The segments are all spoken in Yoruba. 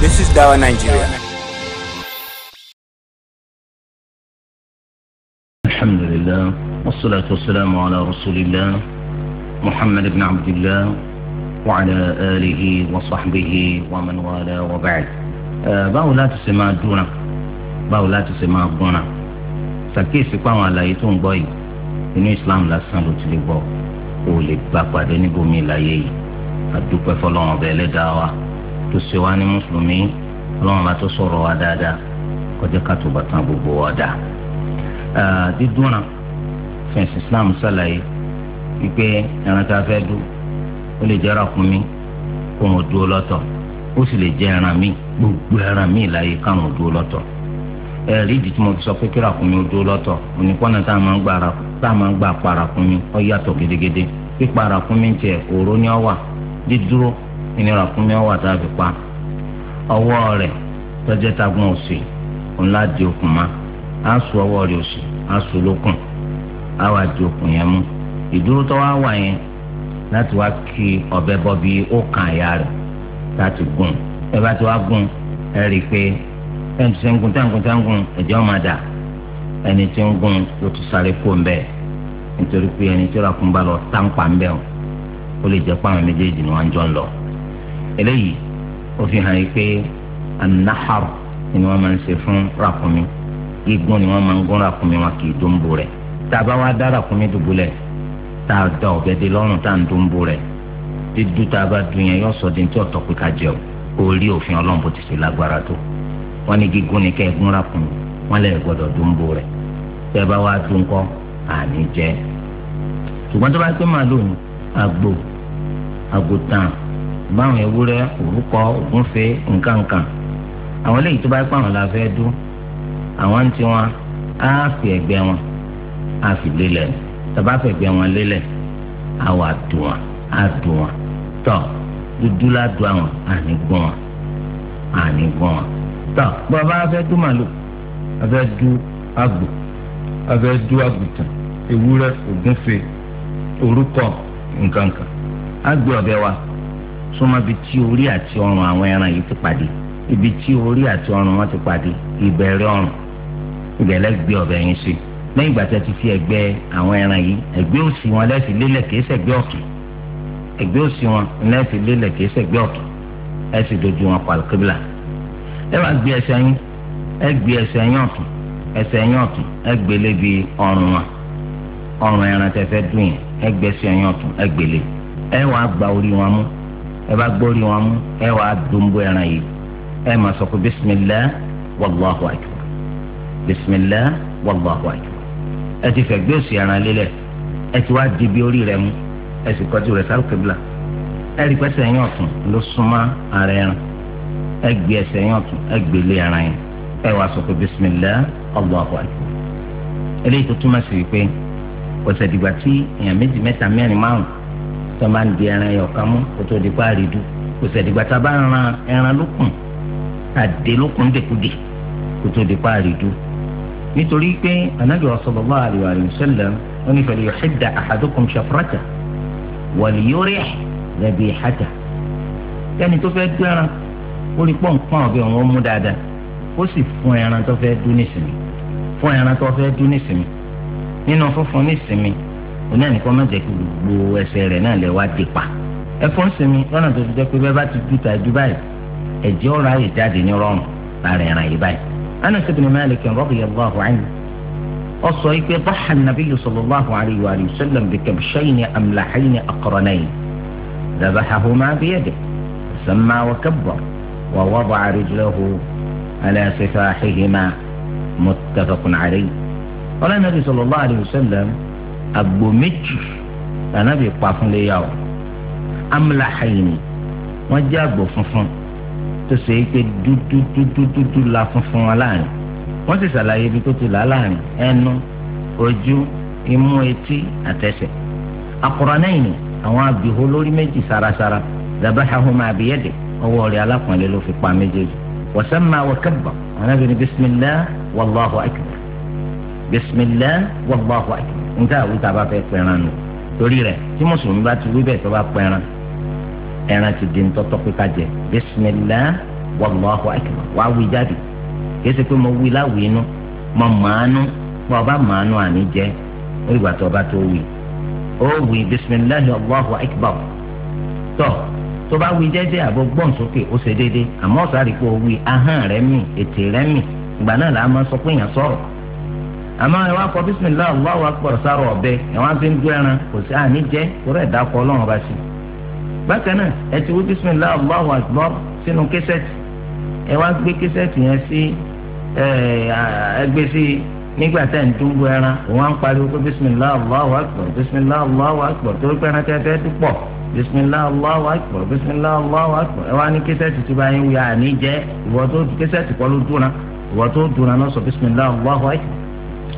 This is Dawa Nigeria. الحمد لله والصلاة والسلام على رسول الله محمد بن عبد الله وعلى آله وصحبه ومن والاه وبعد báwo láti ṣe máa dúnra báwo láti ṣe máa gbọ́nra ṣàkíyèsí pé àwọn àlàyé tó ń gbọ́ yìí inú Islam lásán ló ti lè gbọ́ kó o lè gbà pàdé níbòmí ìlàyé yìí àdúpẹ́ fọlọ́run ọbẹ̀ tó ṣe wá ní mùsùlùmí ọlọ́run bá tó sọ̀rọ̀ wá dáadáa kọjá ká tó gbogbo dá. fẹ̀sì islam ṣàlàyé wípé ẹran tá a fẹ́ ó lè jẹ́ kó wọn dúró lọ́tọ̀ ó sì lè gbogbo ẹran láyé káwọn dúró lọ́tọ̀ ẹ̀rí ìdí tí mo fi sọ pé kí ó dúró lọ́tọ̀ tá a máa ń gbà ìnira fún mi ọwọ́ àtàbí pa ọwọ́ rẹ̀ tọ́jẹ́ tagun òsì ńlá di okùn ma á sọ ọwọ́ rẹ̀ òsì á sọ á wà di okùn yẹn mú ìdúró tó wá wà yẹn láti wá kí bọ́ bí ti gun táǹgùn táǹgùn ẹ̀jẹ̀ dà ẹni tí ń gun ló ti sáré kó ń bẹ́ẹ̀ nítorí pé ẹni tí ó rà kún bá lọ táǹpà ń lè jẹ́ méjèèjì ni wọ́n jọ eléyìí ó fi hàn yìí pé anahar ni wọ́n máa ń ṣe fún ràkúnmí igun ni wọ́n máa ń gún ràkúnmí wọn kì í dóńbò rẹ̀ tá a bá wá dá ràkúnmí dùbúlẹ̀ tá a da ọ̀bẹ dé lọ́rùn tá a ń dóńbò rẹ̀ dídú tá a bá dun yẹn yọ sọ di ní tí ọ̀tọ̀ pé ká jẹ o orí òfin ọlọ́run bó ti ṣe lágbára tó wọ́n ní gígún ni kẹ́ ẹ gún ràkúnmí wọ́n lè gbọ́dọ̀ dóńbò rẹ̀ tẹ́ bá wá dún kọ́ àní jẹ́ ṣùgbọ́n tó bá pé màálù àgbò àgùntàn báwọn ewúrẹ́ òrúkọ ògúnfe nkankan àwọn eléyìí tó bá pa àwọn la fẹ́ dún àwọn ń tiwọn á fi ẹ̀gbẹ́ wọn á fi lélẹ̀ tàbá fi ẹ̀gbẹ́ wọn lélẹ̀ àwọn àdùn wọn àdùn wọn tọ dúdú ládùn àwọn àní gbọ́n wọn àní gbọ́n wọn tọ bọ́ bá fẹ́ dún màlúù a dún àgbò a dún àgùntàn ewúrẹ́ ògúnfe òrúkọ nkankan á gbé wa súnmọ́ ibi tí orí àti ọrùn àwọn ẹran yìí ti pàdé ibi tí orí àti ọrùn wọn ti pàdé ìbẹ̀rẹ̀ ọrùn ìbẹ̀lẹ̀ gbé ọ̀bẹ yín sí lẹ́yìn ìgbà tí a ti fi ẹ̀gbẹ́ àwọn ẹran yìí ẹ̀gbẹ́ òsì wọn lẹ́sìn lélẹ̀ kìí ṣẹ̀gbẹ́ ọ̀tún ẹ̀gbẹ́ òsì wọn lẹ́sìn lélẹ̀ kìí ṣẹ̀gbẹ́ ọ̀tún ẹ sì dojú wọn pa kíbla ẹ wá gbé ẹsẹ̀ yín ẹ gbé ẹsẹ̀ yín ọ̀tún ẹsẹ̀ yín ọ̀tún ẹ gbélé bí ọrùn wọn ọrùn ẹran tẹ́ dùn yẹn ẹ gbé yín ọ̀tún ẹ gbélé ẹ wá gba orí wọn mú ẹ bá gbórí wọn mú ẹ wàá dùnbó ẹran yìí ẹ máa sọ pé bisimilah wàlláhu akbar bisimilah wàlláhu akbar ẹ ti fẹ̀gbẹ́ òsì ẹran lélẹ̀ ẹ ti wá di bí orí rẹ mú ẹ sì kọjú rẹ sáré kébìlà ẹ rí pẹ́sẹ̀ yín ọ̀tún ló súnmọ́ ara ẹran ẹ gbé ẹsẹ̀ yín ọ̀tún ẹ gbé lé ẹran yẹn ẹ wàá sọ pé bisimilah wàlláhu akbar eléyìí tó túmọ̀ sí wípé kò sẹ̀dìgbà tí èèyàn méjì mẹ́ta mẹ́rin márùn-ún tó máa ń di ẹran ẹyọ kan mú kó tó di pa àrídù kò sẹ̀dìgbà tá a bá ran ẹran lókun àdé lókun dèkúdè kó tó di pa àrídù nítorí pé anabi sallallahu alaihi wa sallam wọn ní fẹlẹ yuhidda ahadukum shafrata wal yurih dhabihata yẹni tó fẹ́ dún ẹran ó rí pọ́npọ́n ọ̀bẹ òun ó mú dáadáa ó sì fún ẹran tó fẹ́ dún nísìmí fún ẹran tó fẹ́ dún nísìmí nínú fúnfún nísìmí náà nìkan má jẹ́ kí gbogbo ẹsẹ̀ rẹ̀ náà lè wá di pa ẹ̀fọ́ sinmi lọ́nà tó ti jẹ́ pé bẹ́ẹ̀ bá ti dùtà ju báyìí ẹ̀jẹ̀ ọ̀rọ̀ ayè jáde ní rọrùn lára ẹ̀ràn yìí báyìí. Anas ibn Malik radiyallahu anhu ó sọ pé ضحى wa صلى الله عليه وآله وسلم بكبشين أملحين أقرنين ذبحهما بيده سمى وكبر ووضع رجله على سفاحهما متفق عليه قال nabi صلى الله عليه وسلم àgbò méjì lànàbì pa fún léyà o amúláhàyìnì wọ́n jẹ́ àgbò funfun tó ṣe é pé dúdúdúdúdú la funfun wọn láàrin wọ́n sì ṣàlàyé ibi tó ti là láàrin ẹnu ojú imú etí àtẹsẹ̀ akọ̀rọ̀nẹ́yìn àwọn abìhó lórí méjì sarasara dabahahuma abiyẹ́dẹ̀ ọwọ́ rẹ̀ alákùnrin ló fi pa méjèèjì wasamma wa kabba anabi ni bisimilah wàlláhu akbar bisimilah wàlláhu akbar níta àwùjọ bá fẹ́ pẹran nù torí rẹ̀ tí mùsùlùmí bá ti wí bẹ́ẹ̀ tó bá pẹran ẹran ti di ntọ́tọ́ pé ká jẹ bisimilah wallahu akbar wà á wí jáde kìí ṣe pé mo wí láwìí inú mo màánú pé ọba màánú àní jẹ ó ìgbà tó ọba tó wí ó wí bisimilah wallahu akbar tọ́ tó bá wí jẹ́jẹ́ àbọ̀ gbọ́n sókè ó ṣe déédéé àmọ́ ọ̀sán àdìpọ̀ wí ahọ́n rẹ̀ mì ètè rẹ̀ mì ìgbà náà làá máa sọ pé èèyàn sọ̀rọ̀ àmọ́ ẹ wá kọ bísímìlá Allahu akbar sáró ọ̀bẹ ẹ wá fi ń dú ẹran kò sí àní jẹ́ kóró ẹ̀dá kọ ọlọ́run ọba sí. bákan náà ẹ ti wí bísímìlá Allahu akbar sínú késẹ́tì ẹ wá gbé késẹ́tì yẹn sí ẹgbẹ́ sí nígbà tẹ́ ń dúró ẹran òun á ń pariwo pé bísímìlá Allahu akbar bísímìlá Allahu akbar torí pé ẹran tẹ́ fẹ́ dúpọ̀ bisimilah allahu akbar bisimilah allahu akbar ẹ wá ní kẹsẹ̀tì tí báyìí wíyà àní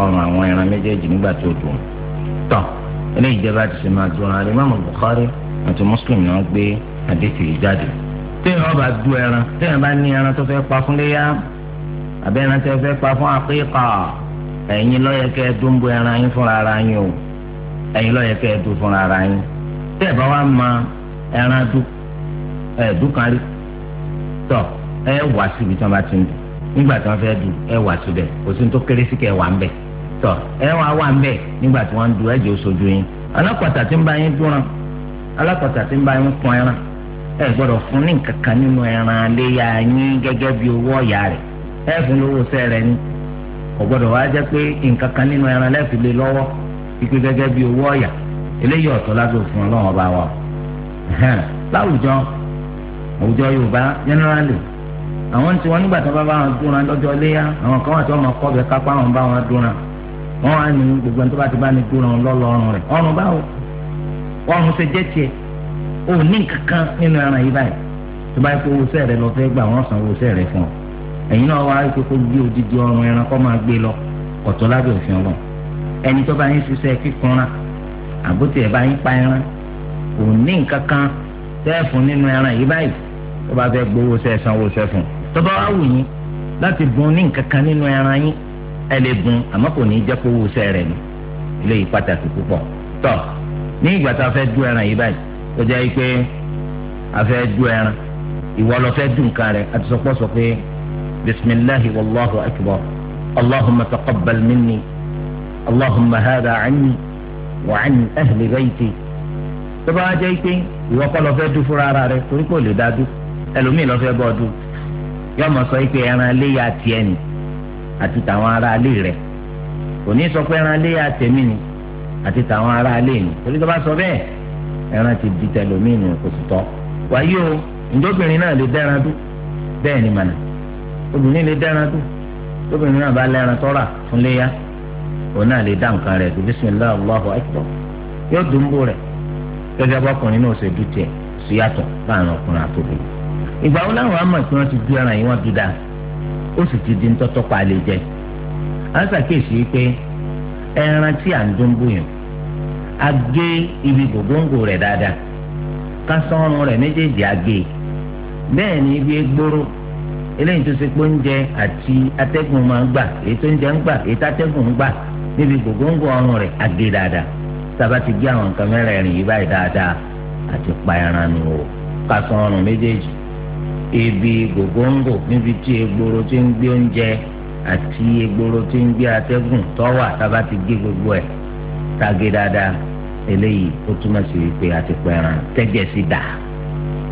ọrùn àwọn ẹran méjèèjì nígbà tó dùn tán eléyìí jẹ́ bá ti ṣe máa dùn ààrẹ mọ́mọ́ Bukhari àti Muslim náà gbé àdéhùn yìí jáde téèyàn bá du ẹran téèyàn bá ní ẹran tó fẹ́ pa fún léyà àbẹ́ ẹran tó fẹ́ pa fún àpéèkà ẹ̀yin lọ́yẹ̀ kẹ́ ẹ dún bo ẹran yín fúnra ara yín o ẹ̀yin lọ́yẹ̀ kẹ́ ẹ dún fúnra ara yín tẹ́ẹ̀ bá wá ma ẹran dún ẹ̀ẹ́dún kan rí tọ́ ẹ wá síbi tí wọ́n bá ti ń dùn nígbà tí wọ́n fẹ́ dùn ẹ wá síbẹ̀ kò sí tó kéré kẹ́ ẹ wà ń bẹ̀. tọ̀ ẹ wá wà ń bẹ̀ nígbà tí ń du ẹ̀jẹ̀ oṣooju yín alákọ̀tà tí ń bá yín dúnra alákọ̀tà tí ń bá yín ẹran ẹ gbọdọ fún ní kankan nínú ẹran léya yín gẹ́gẹ́ bí owó ọ̀yà rẹ̀ ẹ fún lówó sẹ́rẹ̀ ni kò wá pé nínú ọba wa láwùjọ àwùjọ yorùbá generally àwọn tí wọn nígbà tí wọn bá wọn dúnra léyà àwọn wọn wá ní gbogbo ẹni tó bá ti bá ní tó ràn lọ́lọ́run rẹ̀ ọrùn báwo ọrùn ṣe jẹ́ tiẹ̀ o ní kankan nínú ẹran yìí báyìí tó bá yẹ kó owóṣẹ́ rẹ lọ fẹ́ gbà wọ́n san owóṣẹ́ rẹ fún ọ ẹ̀yin náà wá ikú kó gbé odidi ọrùn ẹran kọ́ máa gbé lọ ọ̀tọ̀ lábẹ́ òfin ọlọ́run ẹni tó bá yín ṣiṣẹ́ kíkanra àbótí ẹ̀ bá yín pa ẹran ò ní kankan sẹ́ẹ̀fù nínú ẹran yìí báyìí tó bá fẹ́ gbowó sẹ́ẹ̀ san owóṣẹ́ fún tó bá ẹ lè gun àmọ́ kò ní jẹ́ kó wù sẹ́ rẹ̀ ni eléyìí pàtàkì púpọ̀ tọ́ ní ìgbà tá a fẹ́ du ẹran yìí báyìí ó jẹ́ pé a fẹ́ du ẹran ìwọ lọ fẹ́ du nǹkan rẹ̀ àti sọ pé sọ pé bisimilahi wàlláhu akbar allahumma taqabbal minni allahumma hada anni wa an ahli bayti tó bá jẹ́ pé ìwọ kọ́ lọ fẹ́ du fúnra ara rẹ̀ torí kò lè dá du ẹlòmíì lọ fẹ́ bọ́ du yọmọ sọ pé ẹran léyà tiẹ̀ ni. àti tàwọn ará rẹ. rẹ̀ kò ní sọ pé ẹran ilé ni àti tàwọn ará ni torí tó bá sọ bẹẹ. ẹran ti di tẹlómìn nù kò sì tọ́ wáyé o ǹjọ́bìnrin náà lè dẹ́ran bẹ́ẹ̀ ni mànà obìnrin lè dẹ́ran dún náà bá lẹ́ran tọ́ra fún léyà òun náà lè dá nǹkan rẹ̀ yóò dùn rẹ̀ gẹ́gẹ́ bọ́kùnrin náà ṣe láàrin ọkùnrin ìgbà wo láwọn àmọ̀ ti yìí ó sì ti di ńtọ́tọ́ pa lè jẹ à ń ṣàkíyèsí pé ẹran tí à ń yàn a gé ibi gògóńgò rẹ̀ dáadáa ká sọ́run rẹ̀ méjèèjì a gé e. bẹ́ẹ̀ ni ibi gbóró eléyìí tó ṣe pé oúnjẹ àti atẹ́gùn máa ń gbà èyí tó ń jẹ ń gbà èyí tó ń gbà níbi gògóńgò ọrùn rẹ̀ a gé e dáadáa sábà ti gé àwọn nǹkan mẹ́rẹ̀ẹ̀rin yìí pa ẹran ibi gògóńgò níbi tí egboro ti ń gbé oúnjẹ àti egboro ti ń gbé atẹ́gùn tọ́wà tába ti gé gbogbo ẹ̀ tage dáadáa eléyìí ó túmọ̀ sí wípé a ti pa ẹran tẹ́jẹ̀ sí dà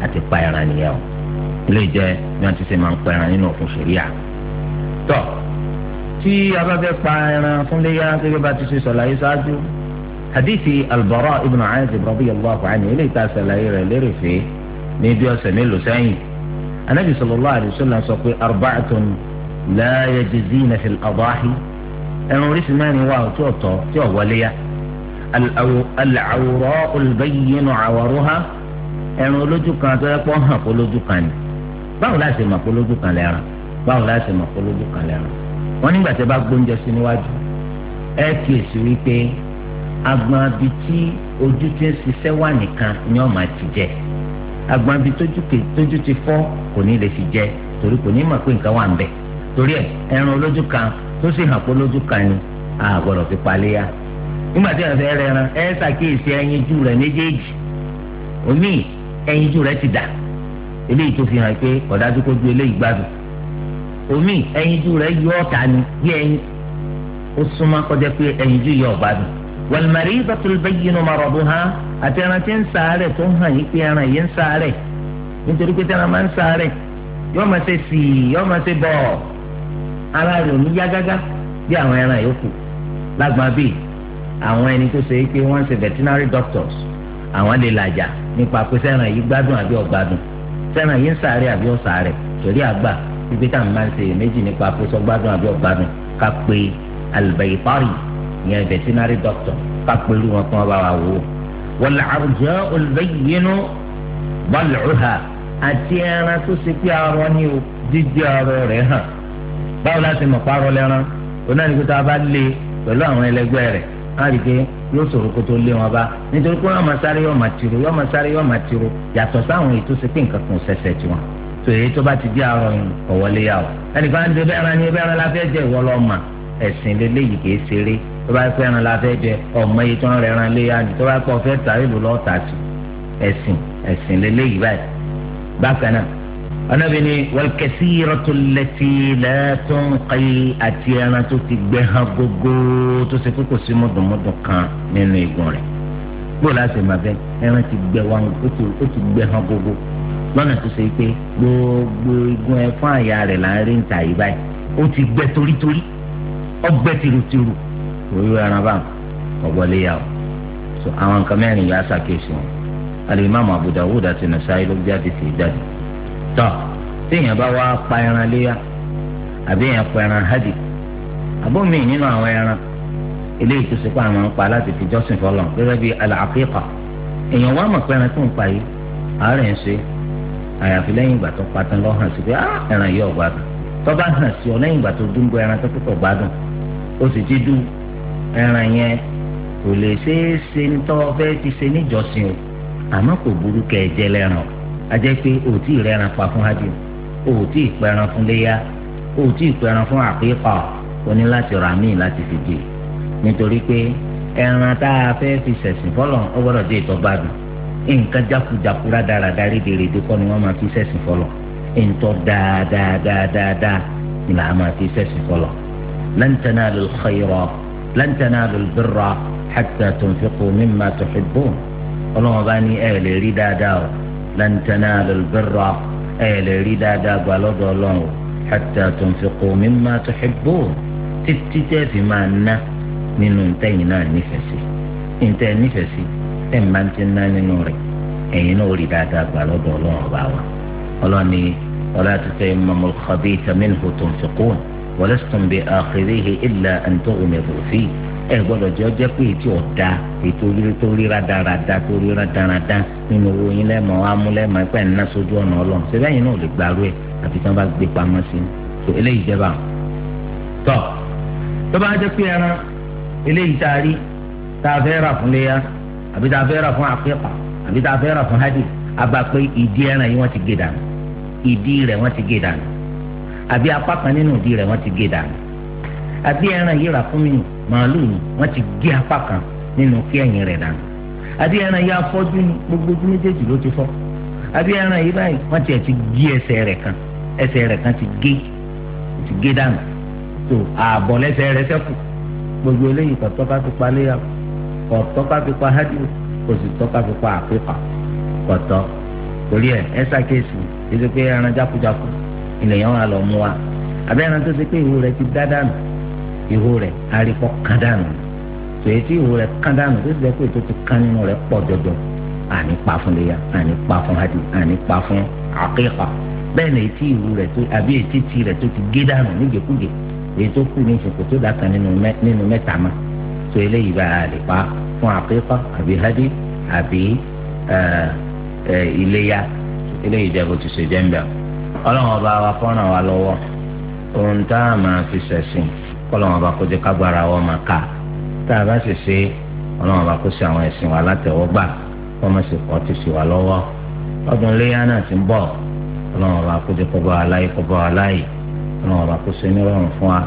a ti pa ẹran nìyẹn o eléyìí jẹ́ bí wọ́n ti ṣe máa ń pa ẹran nínú òfin ṣẹ̀ríà tọ́ tí a bá fẹ́ pa ẹran fúnléyà gẹ́gẹ́ bá ti ṣe sọ̀láyé ṣáájú hadithi albara ibn aazib radiyallahu anhu eléyìí tá a ṣàlàyé rẹ̀ lérè fèé ní bí ọ̀sẹ̀ mélòó sẹ́yìn anabi sallallahu alayhi wa sallam sọ pé arba'atun la yajzina fil adahi ẹran oríṣi mẹ́rin wà tí ọ̀tọ̀ tí ọ̀ wọlé ya al-awra'u al-bayyinu 'awaruha ẹran olójú kan tó yẹ kó hàn kó lójú kan ni báwo la ṣe mọ̀ kó lójú kan lẹ́ran báwo la ṣe kó lójú kan lẹ́ran wọ́n nígbà tí a bá gbóúnjẹ sí níwájú ẹ kíyèsí wípé agbọn abi ojú ti ń ṣiṣẹ́ wà nìkan ni ọ̀ máa ti jẹ́ agbọ̀nbi tójú ti fọ́ kò ní lè fi jẹ torí kò ní mọ̀ pé nǹkan wà ń bẹ̀ torí ẹ̀ ẹran olójú kan tó sì hàn pé olójú kan ni a gbọ́dọ̀ fi palẹ̀ ya nígbà tí wọn fẹ́ rẹran ẹ ṣàkíyèsí ẹyinjú rẹ méjèèjì omi ẹyinjú rẹ ti dà eléyìí tó fi hàn pé ọ̀dájú kó ju eléyìí gbádùn omi ẹyinjú rẹ yọ ọ̀tá ni bí ẹyin ó súnmọ́ kọjá pé ẹyinjú yọ ọ̀gbádùn wal maridatul bayyinu maraduha àti ẹran tí ń sàárẹ̀ tó ń hàn yí pé ẹran yìí ń sàárẹ̀ nítorí pé tẹ́ran máa ń sàárẹ̀ yóò máa ṣe sì yóò máa ṣe bọ̀ ara rẹ̀ ò ní yá gágá bí àwọn ẹran yòókù lágbàá bíi àwọn ẹni tó ṣe pé wọ́n ṣe veterinary doctors àwọn lè làjà nípa pé sẹ́ran yìí gbádùn àbí ọ̀gbádùn sẹ́ran yìí ń sàárẹ̀ àbí ọ̀sàárẹ̀ torí àgbà ibi tá à ń máa ń ṣe méjì nípa pé sọ́gbádùn àbí ọ̀gbádùn ká pé albaytari ìyẹn veterinary doctor ká pé irú wọn kí wọ́n bá wa wò ó. والعرجاء البين ضلعها àti ẹran tó ṣe pé arọ ni o jíjẹ arọ rẹ̀ hàn báwo la ṣe mọ̀ parọ́ lẹ́ran òun náà ní kó tá a bá lé pẹ̀lú àwọn ẹlẹgbẹ́ rẹ̀ á rí i pé yóò sọ̀rọ̀ kó tó lé wọn bá nítorí pé wọ́n máa sáré yóò máa tiro yóò máa sáré yóò máa tiro yàtọ̀ sáwọn èyí tó ṣe pé nǹkan kan ṣẹ̀ṣẹ̀ tiwọn tó èyí tó bá ti di arọ yìí kọ̀ wọlé yà o ẹnìkan ń de bẹ́ẹ̀ ra ni bẹ́ẹ̀ ra la fẹ́ jẹ́ ìwọ lọ́ọ́ mà ẹ̀sìn lélẹ́yìí kì í ṣeré tó bá fẹ́ ẹran la fẹ́ jẹ ọmọ yìí tó ń rẹ ẹran léyà ni tó bá kọ́ fẹ́ tà ìlú lọ́ọ́ tà sí ẹ̀sìn ẹ̀sìn lélẹ́yìí báyìí bákan náà ọ̀nàbí ni wọ́lkẹ́sí ìrọ̀tòlẹ́tì lẹ́tọ̀ǹkì àti ẹran tó ti gbẹ hàn gógó tó ṣe kókò sí mọ̀dùnmọ́dùn kan nínú igun rẹ̀ bóòlù àti màbẹ ẹran ti gbẹ wọn ó ti gbẹ hàn gógó lọ́nà tó ṣe pé gbogbo igun ẹ àyà rẹ̀ là ń yìí báyìí ó ti gbẹ torítorí ó tìrùtìrù irú ẹran bá ọ̀gbọ́lé yà ó so àwọn nǹkan mẹ́rin yà á ṣàkíyèsí wọn alimami Abu Dawud àti Nasa'i ló jáde sí jáde Tọ! téèyàn bá wá pa ẹran léyà àbí èèyàn pa ẹran hajj àbómi nínú àwọn ẹran eléyìí tó sèpá àwọn pa láti fi jọ́sìn fọlọ́ gẹ́gẹ́ èèyàn wá mọ̀ pé ẹran tó ń pa yìí àárẹ̀ ń ṣe àyàfi lẹ́yìn ìgbà tó patán lọ́ hàn sí pé ah, ẹran yìí ọ̀gbádùn bá hàn sí ọ lẹ́yìn ìgbà tó dúngbò ẹran tó gbádùn ó sì ti dùn ẹran yẹn kò lè ṣeé ṣe ní tọ́wọ́ fẹ́ ti ṣe níjọsìn o àmọ́ kò burú kẹ́ ẹ jẹ lẹ́ran o a jẹ́ pé o tí ì rẹ́ran pa fún hajj o tí ì pẹran fún léyà o tí ì pẹran fún àpépa o ní láti rà míì láti fi jẹ nítorí pé ẹran tá a fẹ́ fi ṣẹ̀sìn fọlọ́ ọ gbọ́dọ̀ dé ìtọ́gbádùn nǹkan jákujàku rádaràdá rédèrèdè kọ́ ni wọ́n máa fi ṣẹ̀sìn fọlọ́ ntọ́ dáadáadáadáa ni làá máa fi ṣẹ̀sìn fọlọ́ lan tanalu al لن تنالوا البر حتى تنفقوا مما تحبون ولو غني اهل ردا داو لن تنالوا البر اهل ردا داو حتى تنفقوا مما تحبون تتتتي في مانا من انتينا نفسي انت نفسي اما انتنا نوري اي نوري دادا بلو دولون ولا تتيمم الخبيث منه تنفقون ولستم بآخذيه إلا أن تغمضوا فيه ẹ gbọ́dọ̀ jẹ ọjẹ pé ètò ọdá ètò torí radarada torí radarada nínú owó yín lẹmọ amúlẹmọ ẹgbẹ ńná sójú ọ̀nà Ọlọ́run ṣẹlẹ̀ yìí náà lè gbàrú ẹ àfi tí wọn bá gbé pamọ́ sí i tó eléyìí jẹba tọ tó bá jẹ pé ẹran eléyìí tá a rí tá a fẹ́ rà fún léyà àbí tá a fẹ́ rà fún àpẹ́pà àbí tá a fẹ́ rà fún hádì àgbà pé ìdí ẹran yìí wọ́n ti gé dànù ìdí rẹ̀ wọ́n ti gé dànù àbí apakan kan nínú ìdí rẹ̀ ti gé dànù àbí ẹran yìí rà fún mi màálù ni ti gé apá nínú kí ẹ̀yìn rẹ̀ dànù àbí ẹran yìí afọ́jú ni gbogbo ojú méjèèjì ló ti àbí ẹran yìí báyìí ti gé kan kan ti gé ti gé dànù tó ààbọ̀ gbogbo eléyìí kò tọ́ka fi pa léyà kò tọ́ka fi pa hádìrì kò sì tọ́ka fi pa àpépà ilẹ̀ yẹn wà lọ mú wa abẹ́rẹ́ tó ṣe pé ìwo rẹ̀ ti dá dànù ìwo rẹ̀ arìkọ́ kan dànù tòye tí ìwo rẹ̀ kan dànù tó ṣe pé ètò ti kan nínú rẹ̀ pọ̀ jọjọ àní pa fún léya àní pa fún hadi àní pa fún àkíkà bẹ́ẹ̀ ni etí ìwo rẹ̀ tó àbí etí ti rẹ̀ tó ti gé dànù nígekúge èyí tó kù ní ìsìnkú tó dàkan nínú mẹ́ta mọ́ tó eléyìí bá a lè pa fún àkíkà àbí hadi àbí iléya eléyìí jẹ́ bó ti ṣe jẹ́ ń bẹ̀rù. ọlọ́run ọba wa fọ́ràn wa lọ́wọ́ ohun tá a máa fi ṣẹ̀sìn kọ́lọ́run ọba kó jẹ́ kágbára wọn máa kà tá a bá sì ṣe ọlọ́run ọba ṣe àwọn ẹ̀sìn wa látẹ̀wọ́gbà wọ́n ti ṣì wa lọ́wọ́ ọdún iléyà náà ti ń bọ̀ ọlọ́run ọba kó jẹ́ kọ́bọ̀ aláì kọ́bọ̀ aláì ọlọ́run ọba ṣe nírọ̀rùn fún wa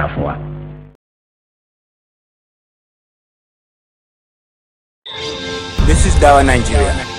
láti This is Dawa Nigeria.